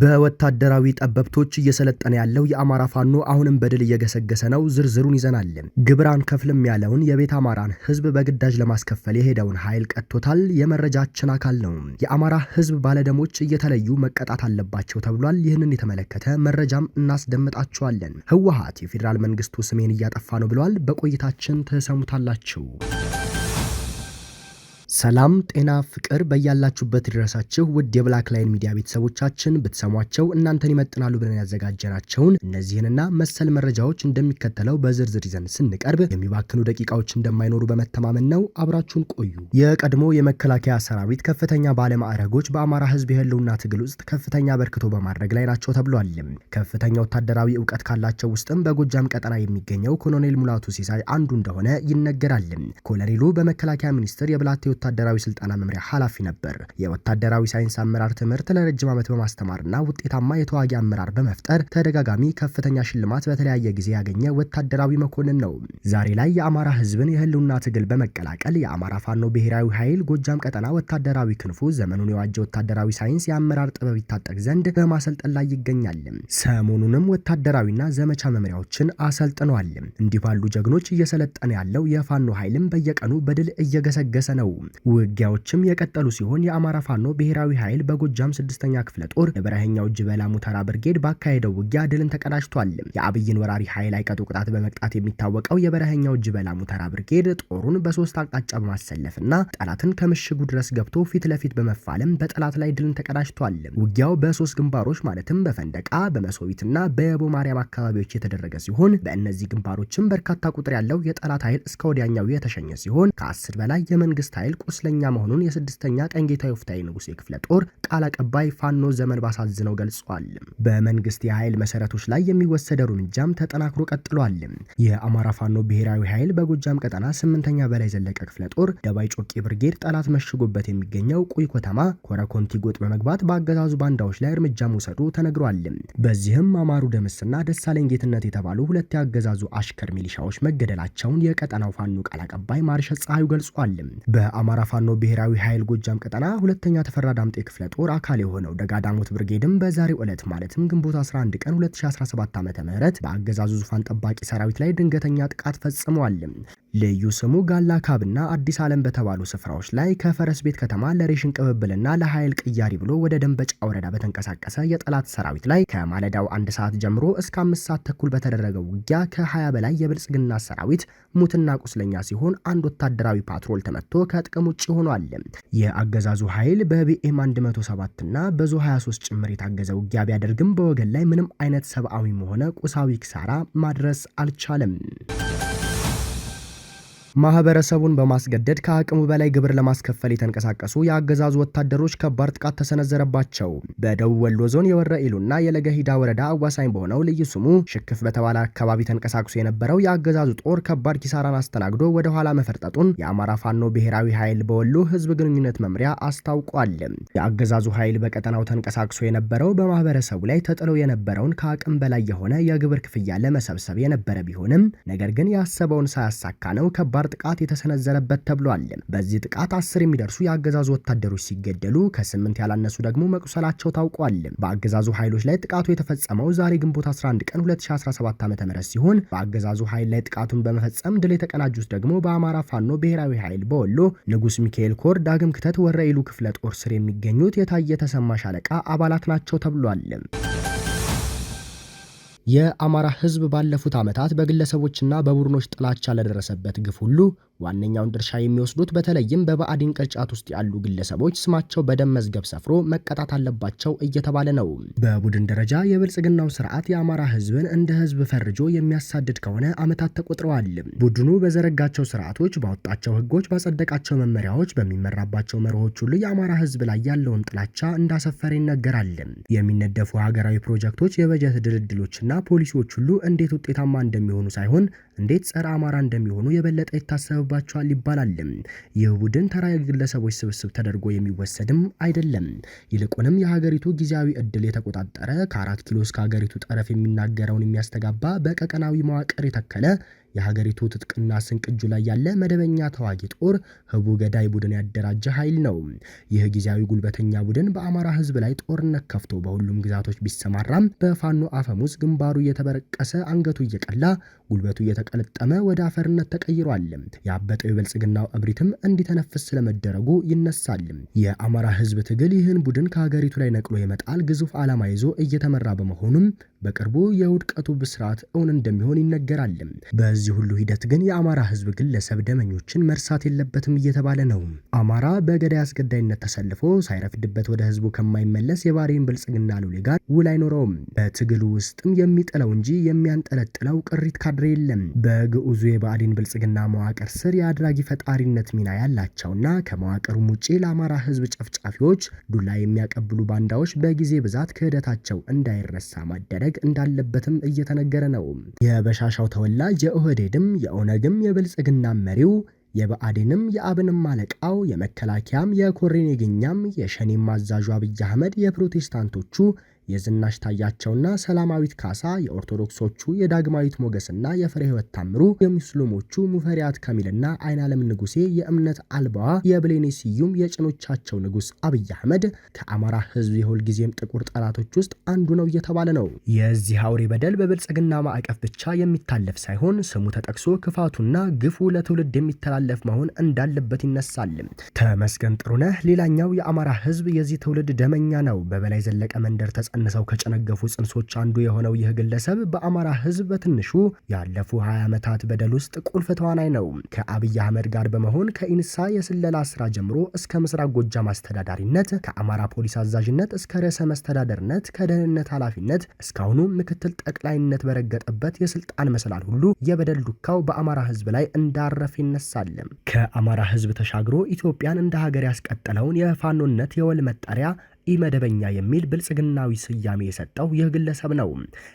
በወታደራዊ ጠበብቶች እየሰለጠነ ያለው የአማራ ፋኖ አሁንም በድል እየገሰገሰ ነው። ዝርዝሩን ይዘናል። ግብራን ከፍልም ያለውን የቤት አማራን ህዝብ በግዳጅ ለማስከፈል የሄደውን ኃይል ቀጥቶታል። የመረጃችን አካል ነው። የአማራ ህዝብ ባለደሞች እየተለዩ መቀጣት አለባቸው ተብሏል። ይህንን የተመለከተ መረጃም እናስደምጣችኋለን። ህወሀት የፌዴራል መንግስቱ ስሜን እያጠፋ ነው ብሏል በቆይታችን ተሰሙታላችሁ። ሰላም ጤና ፍቅር በያላችሁበት ድረሳችሁ ውድ የብላክ ላይን ሚዲያ ቤተሰቦቻችን ብትሰሟቸው እናንተን ይመጥናሉ ብለን ያዘጋጀናቸውን እነዚህንና መሰል መረጃዎች እንደሚከተለው በዝርዝር ይዘን ስንቀርብ የሚባክኑ ደቂቃዎች እንደማይኖሩ በመተማመን ነው። አብራችሁን ቆዩ። የቀድሞ የመከላከያ ሰራዊት ከፍተኛ ባለማዕረጎች በአማራ ሕዝብ የህልውና ትግል ውስጥ ከፍተኛ በርክቶ በማድረግ ላይ ናቸው ተብሏል። ከፍተኛ ወታደራዊ እውቀት ካላቸው ውስጥም በጎጃም ቀጠና የሚገኘው ኮሎኔል ሙላቱ ሲሳይ አንዱ እንደሆነ ይነገራል። ኮሎኔሉ በመከላከያ ሚኒስቴር የብላቴ የወታደራዊ ስልጠና መምሪያ ኃላፊ ነበር። የወታደራዊ ሳይንስ አመራር ትምህርት ለረጅም ዓመት በማስተማርና ውጤታማ የተዋጊ አመራር በመፍጠር ተደጋጋሚ ከፍተኛ ሽልማት በተለያየ ጊዜ ያገኘ ወታደራዊ መኮንን ነው። ዛሬ ላይ የአማራ ህዝብን የህልውና ትግል በመቀላቀል የአማራ ፋኖ ብሔራዊ ኃይል ጎጃም ቀጠና ወታደራዊ ክንፉ ዘመኑን የዋጀ ወታደራዊ ሳይንስ የአመራር ጥበብ ይታጠቅ ዘንድ በማሰልጠን ላይ ይገኛል። ሰሞኑንም ወታደራዊና ዘመቻ መምሪያዎችን አሰልጥኗል። እንዲህ ባሉ ጀግኖች እየሰለጠነ ያለው የፋኖ ኃይልም በየቀኑ በድል እየገሰገሰ ነው። ውጊያዎችም የቀጠሉ ሲሆን የአማራ ፋኖ ብሔራዊ ኃይል በጎጃም ስድስተኛ ክፍለ ጦር የበረሀኛው ጅበላ ሙተራ ብርጌድ ባካሄደው ውጊያ ድልን ተቀዳጅቷል። የአብይን ወራሪ ኃይል አይቀጡ ቅጣት በመቅጣት የሚታወቀው የበረሀኛው ጅበላ ሙተራ ብርጌድ ጦሩን በሶስት አቅጣጫ በማሰለፍና ጠላትን ከምሽጉ ድረስ ገብቶ ፊት ለፊት በመፋለም በጠላት ላይ ድልን ተቀዳጅቷል። ውጊያው በሶስት ግንባሮች ማለትም በፈንደቃ በመሶቢትና በየቦ ማርያም አካባቢዎች የተደረገ ሲሆን በእነዚህ ግንባሮችም በርካታ ቁጥር ያለው የጠላት ኃይል እስከ ወዲያኛው የተሸኘ ሲሆን ከአስር በላይ የመንግስት ኃይል ቁስለኛ መሆኑን የስድስተኛ ጌታ ዮፍታዊ ንጉሴ ክፍለ ጦር ቃል አቀባይ ፋኖ ዘመን ባሳዝነው ገልጿል። በመንግስት የኃይል መሰረቶች ላይ የሚወሰደው እርምጃም ተጠናክሮ ቀጥሏል። የአማራ ፋኖ ብሔራዊ ኃይል በጎጃም ቀጠና ስምንተኛ በላይ ዘለቀ ክፍለ ጦር ደባይ ጮቄ ብርጌድ ጠላት መሽጎበት የሚገኘው ቁይ ኮተማ ኮረኮንቲ ጎጥ በመግባት በአገዛዙ ባንዳዎች ላይ እርምጃ መውሰዱ ተነግሯል። በዚህም አማሩ ደምስና ደሳለኝ ጌትነት የተባሉ ሁለት የአገዛዙ አሽከር ሚሊሻዎች መገደላቸውን የቀጠናው ፋኖ ቃል አቀባይ ማርሸ ፀሐዩ ገልጿል። የአማራ ፋኖ ብሔራዊ ኃይል ጎጃም ቀጠና ሁለተኛ ተፈራ ዳምጤ ክፍለ ጦር አካል የሆነው ደጋዳሞት ብርጌድም በዛሬው ዕለት ማለትም ግንቦት 11 ቀን 2017 ዓ ም በአገዛዙ ዙፋን ጠባቂ ሰራዊት ላይ ድንገተኛ ጥቃት ፈጽመዋል። ልዩ ስሙ ጋላ ካብና አዲስ ዓለም በተባሉ ስፍራዎች ላይ ከፈረስ ቤት ከተማ ለሬሽን ቅብብልና ለኃይል ቅያሪ ብሎ ወደ ደንበጫ ወረዳ በተንቀሳቀሰ የጠላት ሰራዊት ላይ ከማለዳው አንድ ሰዓት ጀምሮ እስከ አምስት ሰዓት ተኩል በተደረገው ውጊያ ከ20 በላይ የብልጽግና ሰራዊት ሙትና ቁስለኛ ሲሆን አንድ ወታደራዊ ፓትሮል ተመቶ ከጥቅም ውጭ ሆኗል። የአገዛዙ ኃይል በቢኤም 107 እና በዙ 23 ጭምር የታገዘ ውጊያ ቢያደርግም በወገን ላይ ምንም አይነት ሰብአዊም ሆነ ቁሳዊ ክሳራ ማድረስ አልቻለም። ማህበረሰቡን በማስገደድ ከአቅሙ በላይ ግብር ለማስከፈል የተንቀሳቀሱ የአገዛዙ ወታደሮች ከባድ ጥቃት ተሰነዘረባቸው። በደቡብ ወሎ ዞን የወረ ኢሉና የለገሂዳ ወረዳ አዋሳኝ በሆነው ልዩ ስሙ ሽክፍ በተባለ አካባቢ ተንቀሳቅሶ የነበረው የአገዛዙ ጦር ከባድ ኪሳራን አስተናግዶ ወደ ኋላ መፈርጠጡን የአማራ ፋኖ ብሔራዊ ኃይል በወሎ ህዝብ ግንኙነት መምሪያ አስታውቋል። የአገዛዙ ኃይል በቀጠናው ተንቀሳቅሶ የነበረው በማህበረሰቡ ላይ ተጥሎ የነበረውን ከአቅም በላይ የሆነ የግብር ክፍያ ለመሰብሰብ የነበረ ቢሆንም ነገር ግን ያሰበውን ሳያሳካ ነው ከባድ ጥቃት የተሰነዘረበት ተብሏል። በዚህ ጥቃት አስር የሚደርሱ የአገዛዙ ወታደሮች ሲገደሉ ከስምንት ያላነሱ ደግሞ መቁሰላቸው ታውቋል። በአገዛዙ ኃይሎች ላይ ጥቃቱ የተፈጸመው ዛሬ ግንቦት 11 ቀን 2017 ዓ ም ሲሆን በአገዛዙ ኃይል ላይ ጥቃቱን በመፈጸም ድል የተቀናጁት ደግሞ በአማራ ፋኖ ብሔራዊ ኃይል በወሎ ንጉስ ሚካኤል ኮር ዳግም ክተት ወረኢሉ ክፍለ ጦር ስር የሚገኙት የታየ ተሰማ ሻለቃ አባላት ናቸው ተብሏል። የአማራ ህዝብ ባለፉት ዓመታት በግለሰቦችና በቡድኖች ጥላቻ ለደረሰበት ግፍ ሁሉ ዋነኛውን ድርሻ የሚወስዱት በተለይም በብአዴን ቅርጫት ውስጥ ያሉ ግለሰቦች ስማቸው በደም መዝገብ ሰፍሮ መቀጣት አለባቸው እየተባለ ነው። በቡድን ደረጃ የብልጽግናው ስርዓት የአማራ ህዝብን እንደ ህዝብ ፈርጆ የሚያሳድድ ከሆነ ዓመታት ተቆጥረዋል። ቡድኑ በዘረጋቸው ስርዓቶች፣ ባወጣቸው ህጎች፣ ባጸደቃቸው መመሪያዎች፣ በሚመራባቸው መርሆች ሁሉ የአማራ ህዝብ ላይ ያለውን ጥላቻ እንዳሰፈረ ይነገራል። የሚነደፉ ሀገራዊ ፕሮጀክቶች፣ የበጀት ድልድሎችና ፖሊሲዎች ሁሉ እንዴት ውጤታማ እንደሚሆኑ ሳይሆን እንዴት ጸረ አማራ እንደሚሆኑ የበለጠ ይታሰብባቸዋል ይባላልም። ይህ ቡድን ተራ የግለሰቦች ስብስብ ተደርጎ የሚወሰድም አይደለም። ይልቁንም የሀገሪቱ ጊዜያዊ እድል የተቆጣጠረ ከአራት ኪሎ እስከ ሀገሪቱ ጠረፍ የሚናገረውን የሚያስተጋባ በቀቀናዊ መዋቅር የተከለ የሀገሪቱ ትጥቅና ስንቅ እጁ ላይ ያለ መደበኛ ተዋጊ ጦር ህቡ ገዳይ ቡድን ያደራጀ ኃይል ነው። ይህ ጊዜያዊ ጉልበተኛ ቡድን በአማራ ህዝብ ላይ ጦርነት ከፍቶ በሁሉም ግዛቶች ቢሰማራም በፋኖ አፈሙዝ ግንባሩ እየተበረቀሰ አንገቱ እየቀላ ጉልበቱ እየተቀለጠመ ወደ አፈርነት ተቀይሯል። ያበጠው የብልጽግናው እብሪትም እንዲተነፍስ ስለመደረጉ ይነሳል። የአማራ ህዝብ ትግል ይህን ቡድን ከሀገሪቱ ላይ ነቅሎ የመጣል ግዙፍ ዓላማ ይዞ እየተመራ በመሆኑም በቅርቡ የውድቀቱ ብስራት እውን እንደሚሆን ይነገራል። በዚህ ሁሉ ሂደት ግን የአማራ ህዝብ ግለሰብ ደመኞችን መርሳት የለበትም እየተባለ ነው። አማራ በገዳይ አስገዳይነት ተሰልፎ ሳይረፍድበት ወደ ህዝቡ ከማይመለስ የባሬን ብልጽግና ሉሌ ጋር ውል አይኖረውም። በትግሉ ውስጥም የሚጥለው እንጂ የሚያንጠለጥለው ቅሪት ካድሬ የለም። በግዑዙ የባዕዴን ብልጽግና መዋቅር ስር የአድራጊ ፈጣሪነት ሚና ያላቸውና ከመዋቅሩም ውጪ ለአማራ ህዝብ ጨፍጫፊዎች ዱላ የሚያቀብሉ ባንዳዎች በጊዜ ብዛት ክህደታቸው እንዳይረሳ ማደረግ ማድረግ እንዳለበትም እየተነገረ ነው። የበሻሻው ተወላጅ የኦህዴድም የኦነግም የብልጽግና መሪው የበአዴንም የአብንም አለቃው የመከላከያም የኮሬኔግኛም የሸኔም አዛዡ አብይ አህመድ የፕሮቴስታንቶቹ የዝናሽ ታያቸውና ሰላማዊት ካሳ የኦርቶዶክሶቹ የዳግማዊት ሞገስና የፍሬ ህይወት ታምሩ የሙስሊሞቹ ሙፈሪያት ከሚልና አይናለም ንጉሴ የእምነት አልባዋ የብሌኔ ስዩም የጭኖቻቸው ንጉስ አብይ አህመድ ከአማራ ህዝብ የሁልጊዜም ጥቁር ጠላቶች ውስጥ አንዱ ነው እየተባለ ነው። የዚህ አውሬ በደል በብልጽግና ማዕቀፍ ብቻ የሚታለፍ ሳይሆን ስሙ ተጠቅሶ ክፋቱና ግፉ ለትውልድ የሚተላለፍ መሆን እንዳለበት ይነሳል። ተመስገን ጥሩነህ ሌላኛው የአማራ ህዝብ የዚህ ትውልድ ደመኛ ነው። በበላይ ዘለቀ መንደር ተጸ ቀንሰው ከጨነገፉ ጽንሶች አንዱ የሆነው ይህ ግለሰብ በአማራ ህዝብ በትንሹ ያለፉ 20 ዓመታት በደል ውስጥ ቁልፍ ተዋናይ ነው። ከአብይ አህመድ ጋር በመሆን ከኢንሳ የስለላ ስራ ጀምሮ እስከ ምስራቅ ጎጃም አስተዳዳሪነት፣ ከአማራ ፖሊስ አዛዥነት እስከ ርዕሰ መስተዳደርነት፣ ከደህንነት ኃላፊነት እስካሁኑ ምክትል ጠቅላይነት በረገጠበት የስልጣን መሰላል ሁሉ የበደል ዱካው በአማራ ህዝብ ላይ እንዳረፍ ይነሳል። ከአማራ ህዝብ ተሻግሮ ኢትዮጵያን እንደ ሀገር ያስቀጠለውን የፋኖነት የወል መጠሪያ ኢመደበኛ የሚል ብልጽግናዊ ስያሜ የሰጠው ይህ ግለሰብ ነው።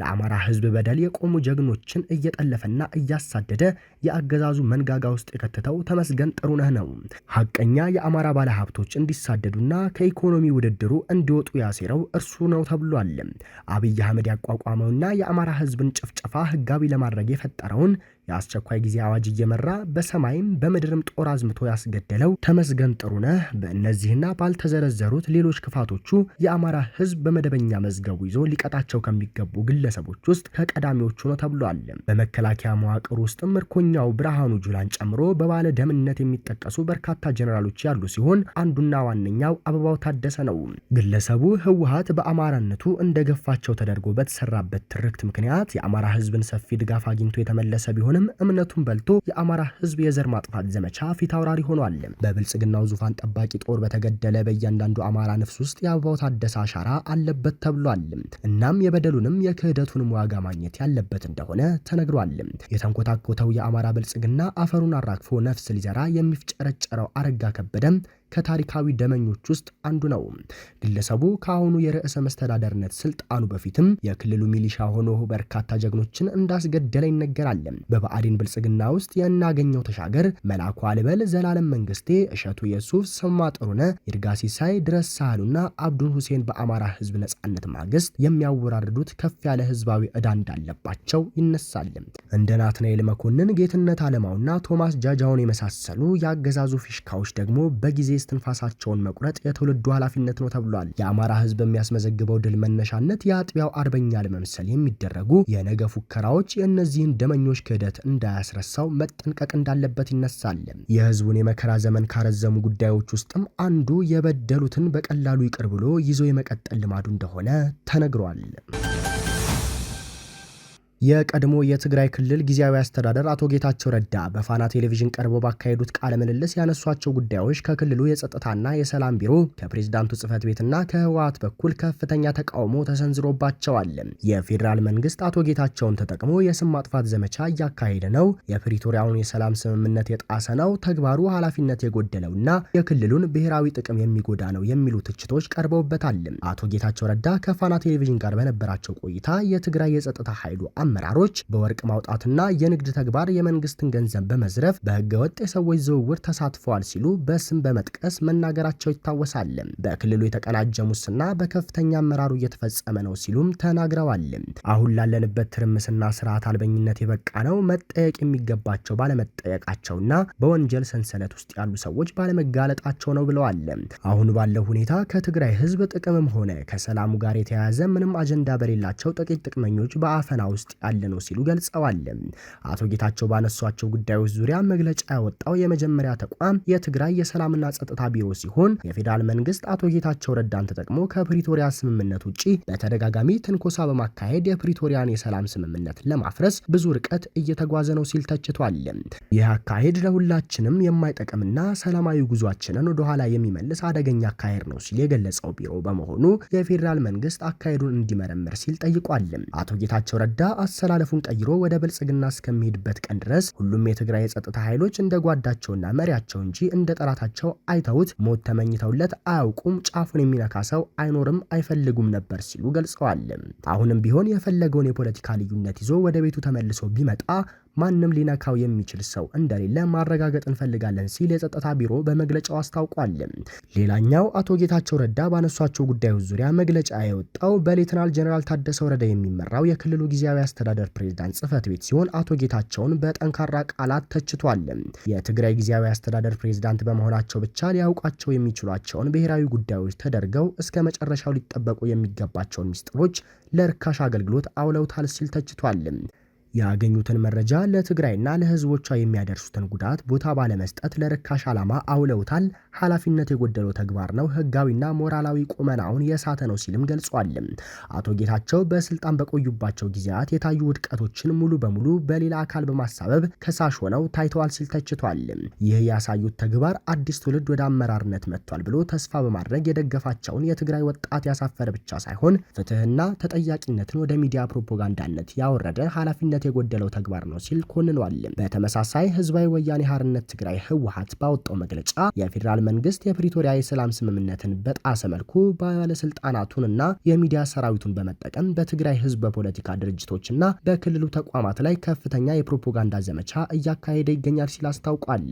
ለአማራ ህዝብ በደል የቆሙ ጀግኖችን እየጠለፈና እያሳደደ የአገዛዙ መንጋጋ ውስጥ የከተተው ተመስገን ጥሩነህ ነው። ሀቀኛ የአማራ ባለሀብቶች እንዲሳደዱና ከኢኮኖሚ ውድድሩ እንዲወጡ ያሴረው እርሱ ነው ተብሏል። አብይ አህመድ ያቋቋመውና የአማራ ህዝብን ጭፍጨፋ ህጋዊ ለማድረግ የፈጠረውን የአስቸኳይ ጊዜ አዋጅ እየመራ በሰማይም በምድርም ጦር አዝምቶ ያስገደለው ተመስገን ጥሩነህ በእነዚህና ባልተዘረዘሩት ሌሎች ክፋቶቹ የአማራ ሕዝብ በመደበኛ መዝገቡ ይዞ ሊቀጣቸው ከሚገቡ ግለሰቦች ውስጥ ከቀዳሚዎቹ ነው ተብሏል። በመከላከያ መዋቅር ውስጥ ምርኮኛው ብርሃኑ ጁላን ጨምሮ በባለ ደምነት የሚጠቀሱ በርካታ ጀኔራሎች ያሉ ሲሆን አንዱና ዋነኛው አበባው ታደሰ ነው። ግለሰቡ ህወሀት በአማራነቱ እንደገፋቸው ተደርጎ በተሰራበት ትርክት ምክንያት የአማራ ሕዝብን ሰፊ ድጋፍ አግኝቶ የተመለሰ ቢሆን አሁንም እምነቱን በልቶ የአማራ ህዝብ የዘር ማጥፋት ዘመቻ ፊት አውራሪ ሆኗል። በብልጽግናው ዙፋን ጠባቂ ጦር በተገደለ በእያንዳንዱ አማራ ነፍስ ውስጥ የአበባው ታደሰ አሻራ አለበት ተብሏል። እናም የበደሉንም የክህደቱንም ዋጋ ማግኘት ያለበት እንደሆነ ተነግሯል። የተንኮታኮተው የአማራ ብልጽግና አፈሩን አራግፎ ነፍስ ሊዘራ የሚፍጨረጨረው አረጋ ከበደም ከታሪካዊ ደመኞች ውስጥ አንዱ ነው። ግለሰቡ ከአሁኑ የርዕሰ መስተዳደርነት ስልጣኑ በፊትም የክልሉ ሚሊሻ ሆኖ በርካታ ጀግኖችን እንዳስገደለ ይነገራል። በብአዴን ብልጽግና ውስጥ የናገኘው ተሻገር፣ መላኩ አልበል፣ ዘላለም መንግስቴ፣ እሸቱ የሱፍ፣ ሰማ ጥሩነ፣ ይርጋ ሲሳይ፣ ድረስ ሳህሉና አብዱል ሁሴን በአማራ ህዝብ ነጻነት ማግስት የሚያወራርዱት ከፍ ያለ ህዝባዊ እዳ እንዳለባቸው ይነሳል። እንደ ናትናኤል መኮንን፣ ጌትነት አለማውና ቶማስ ጃጃውን የመሳሰሉ የአገዛዙ ፊሽካዎች ደግሞ በጊዜ መንግስት ትንፋሳቸውን መቁረጥ የትውልዱ ኃላፊነት ነው ተብሏል። የአማራ ህዝብ የሚያስመዘግበው ድል መነሻነት የአጥቢያው አርበኛ ለመምሰል የሚደረጉ የነገ ፉከራዎች የእነዚህን ደመኞች ክህደት እንዳያስረሳው መጠንቀቅ እንዳለበት ይነሳል። የህዝቡን የመከራ ዘመን ካረዘሙ ጉዳዮች ውስጥም አንዱ የበደሉትን በቀላሉ ይቅር ብሎ ይዞ የመቀጠል ልማዱ እንደሆነ ተነግሯል። የቀድሞ የትግራይ ክልል ጊዜያዊ አስተዳደር አቶ ጌታቸው ረዳ በፋና ቴሌቪዥን ቀርበው ባካሄዱት ቃለ ምልልስ ያነሷቸው ጉዳዮች ከክልሉ የጸጥታና የሰላም ቢሮ ከፕሬዝዳንቱ ጽህፈት ቤትና ከህወሀት በኩል ከፍተኛ ተቃውሞ ተሰንዝሮባቸዋል። የፌዴራል መንግስት አቶ ጌታቸውን ተጠቅሞ የስም ማጥፋት ዘመቻ እያካሄደ ነው፣ የፕሪቶሪያውን የሰላም ስምምነት የጣሰ ነው፣ ተግባሩ ኃላፊነት የጎደለውና የክልሉን ብሔራዊ ጥቅም የሚጎዳ ነው የሚሉ ትችቶች ቀርበውበታል። አቶ ጌታቸው ረዳ ከፋና ቴሌቪዥን ጋር በነበራቸው ቆይታ የትግራይ የጸጥታ ኃይሉ አመራሮች በወርቅ ማውጣትና የንግድ ተግባር የመንግስትን ገንዘብ በመዝረፍ በህገወጥ የሰዎች ዝውውር ተሳትፈዋል ሲሉ በስም በመጥቀስ መናገራቸው ይታወሳል። በክልሉ የተቀናጀ ሙስና በከፍተኛ አመራሩ እየተፈጸመ ነው ሲሉም ተናግረዋል። አሁን ላለንበት ትርምስና ስርዓት አልበኝነት የበቃ ነው መጠየቅ የሚገባቸው ባለመጠየቃቸውና በወንጀል ሰንሰለት ውስጥ ያሉ ሰዎች ባለመጋለጣቸው ነው ብለዋል። አሁን ባለው ሁኔታ ከትግራይ ህዝብ ጥቅምም ሆነ ከሰላሙ ጋር የተያያዘ ምንም አጀንዳ በሌላቸው ጥቂት ጥቅመኞች በአፈና ውስጥ ያለ ነው ሲሉ ገልጸዋል። አቶ ጌታቸው ባነሷቸው ጉዳዮች ዙሪያ መግለጫ ያወጣው የመጀመሪያ ተቋም የትግራይ የሰላምና ጸጥታ ቢሮ ሲሆን የፌዴራል መንግስት አቶ ጌታቸው ረዳን ተጠቅሞ ከፕሪቶሪያ ስምምነት ውጪ በተደጋጋሚ ትንኮሳ በማካሄድ የፕሪቶሪያን የሰላም ስምምነት ለማፍረስ ብዙ ርቀት እየተጓዘ ነው ሲል ተችቷል። ይህ አካሄድ ለሁላችንም የማይጠቅምና ሰላማዊ ጉዟችንን ወደኋላ የሚመልስ አደገኛ አካሄድ ነው ሲል የገለጸው ቢሮ በመሆኑ የፌዴራል መንግስት አካሄዱን እንዲመረምር ሲል ጠይቋል። አቶ ጌታቸው ረዳ አሰላለፉን ቀይሮ ወደ ብልጽግና እስከሚሄድበት ቀን ድረስ ሁሉም የትግራይ የጸጥታ ኃይሎች እንደ ጓዳቸውና መሪያቸው እንጂ እንደ ጠላታቸው አይተውት ሞት ተመኝተውለት አያውቁም። ጫፉን የሚነካ ሰው አይኖርም፣ አይፈልጉም ነበር ሲሉ ገልጸዋል። አሁንም ቢሆን የፈለገውን የፖለቲካ ልዩነት ይዞ ወደ ቤቱ ተመልሶ ቢመጣ ማንም ሊነካው የሚችል ሰው እንደሌለ ማረጋገጥ እንፈልጋለን ሲል የጸጥታ ቢሮ በመግለጫው አስታውቋል። ሌላኛው አቶ ጌታቸው ረዳ ባነሷቸው ጉዳዮች ዙሪያ መግለጫ የወጣው በሌትናል ጀኔራል ታደሰ ወረደ የሚመራው የክልሉ ጊዜያዊ አስተዳደር ፕሬዝዳንት ጽህፈት ቤት ሲሆን አቶ ጌታቸውን በጠንካራ ቃላት ተችቷል። የትግራይ ጊዜያዊ አስተዳደር ፕሬዝዳንት በመሆናቸው ብቻ ሊያውቋቸው የሚችሏቸውን ብሔራዊ ጉዳዮች ተደርገው እስከ መጨረሻው ሊጠበቁ የሚገባቸውን ሚስጥሮች ለርካሽ አገልግሎት አውለውታል ሲል ተችቷል። ያገኙትን መረጃ ለትግራይና ለህዝቦቿ የሚያደርሱትን ጉዳት ቦታ ባለመስጠት ለርካሽ ዓላማ አውለውታል። ኃላፊነት የጎደለው ተግባር ነው፣ ህጋዊና ሞራላዊ ቁመናውን የሳተ ነው ሲልም ገልጿል። አቶ ጌታቸው በስልጣን በቆዩባቸው ጊዜያት የታዩ ውድቀቶችን ሙሉ በሙሉ በሌላ አካል በማሳበብ ከሳሽ ሆነው ታይተዋል ሲል ተችቷል። ይህ ያሳዩት ተግባር አዲስ ትውልድ ወደ አመራርነት መጥቷል ብሎ ተስፋ በማድረግ የደገፋቸውን የትግራይ ወጣት ያሳፈረ ብቻ ሳይሆን ፍትህና ተጠያቂነትን ወደ ሚዲያ ፕሮፓጋንዳነት ያወረደ ኃላፊነት ኃላፊነት የጎደለው ተግባር ነው ሲል ኮንኗል። በተመሳሳይ ህዝባዊ ወያኔ ሀርነት ትግራይ ህወሀት ባወጣው መግለጫ የፌዴራል መንግስት የፕሪቶሪያ የሰላም ስምምነትን በጣሰ መልኩ ባለስልጣናቱንና የሚዲያ ሰራዊቱን በመጠቀም በትግራይ ህዝብ በፖለቲካ ድርጅቶችና በክልሉ ተቋማት ላይ ከፍተኛ የፕሮፓጋንዳ ዘመቻ እያካሄደ ይገኛል ሲል አስታውቋል።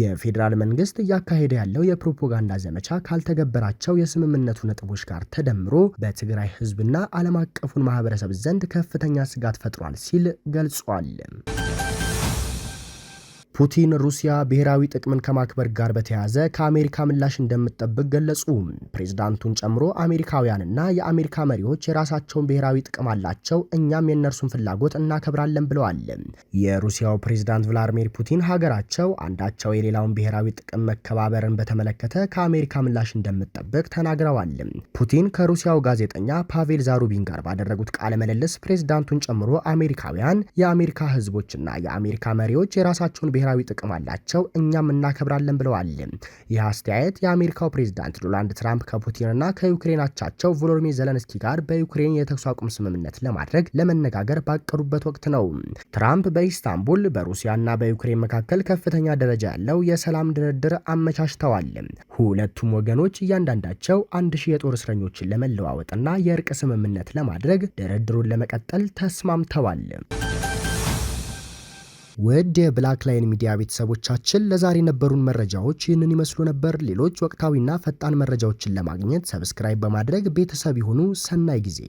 የፌዴራል መንግስት እያካሄደ ያለው የፕሮፓጋንዳ ዘመቻ ካልተገበራቸው የስምምነቱ ነጥቦች ጋር ተደምሮ በትግራይ ህዝብና ዓለም አቀፉን ማህበረሰብ ዘንድ ከፍተኛ ስጋት ፈጥሯል ሲል ገልጿል። ፑቲን ሩሲያ ብሔራዊ ጥቅምን ከማክበር ጋር በተያያዘ ከአሜሪካ ምላሽ እንደምጠብቅ ገለጹ። ፕሬዝዳንቱን ጨምሮ አሜሪካውያንና የአሜሪካ መሪዎች የራሳቸውን ብሔራዊ ጥቅም አላቸው፣ እኛም የእነርሱን ፍላጎት እናከብራለን ብለዋል። የሩሲያው ፕሬዝዳንት ቭላዲሚር ፑቲን ሀገራቸው አንዳቸው የሌላውን ብሔራዊ ጥቅም መከባበርን በተመለከተ ከአሜሪካ ምላሽ እንደምጠብቅ ተናግረዋል። ፑቲን ከሩሲያው ጋዜጠኛ ፓቬል ዛሩቢን ጋር ባደረጉት ቃለ ምልልስ ፕሬዝዳንቱን ጨምሮ አሜሪካውያን፣ የአሜሪካ ህዝቦችና የአሜሪካ መሪዎች የራሳቸውን ብሔራዊ ጥቅም አላቸው፣ እኛም እናከብራለን ብለዋል። ይህ አስተያየት የአሜሪካው ፕሬዚዳንት ዶናልድ ትራምፕ ከፑቲንና ከዩክሬን አቻቸው ቮሎዲሚር ዘለንስኪ ጋር በዩክሬን የተኩስ አቁም ስምምነት ለማድረግ ለመነጋገር ባቀዱበት ወቅት ነው። ትራምፕ በኢስታንቡል በሩሲያና በዩክሬን መካከል ከፍተኛ ደረጃ ያለው የሰላም ድርድር አመቻችተዋል። ሁለቱም ወገኖች እያንዳንዳቸው አንድ ሺህ የጦር እስረኞችን ለመለዋወጥና የእርቅ ስምምነት ለማድረግ ድርድሩን ለመቀጠል ተስማምተዋል። ውድ የብላክ ላይን ሚዲያ ቤተሰቦቻችን ለዛሬ የነበሩን መረጃዎች ይህንን ይመስሉ ነበር። ሌሎች ወቅታዊና ፈጣን መረጃዎችን ለማግኘት ሰብስክራይብ በማድረግ ቤተሰብ ይሁኑ። ሰናይ ጊዜ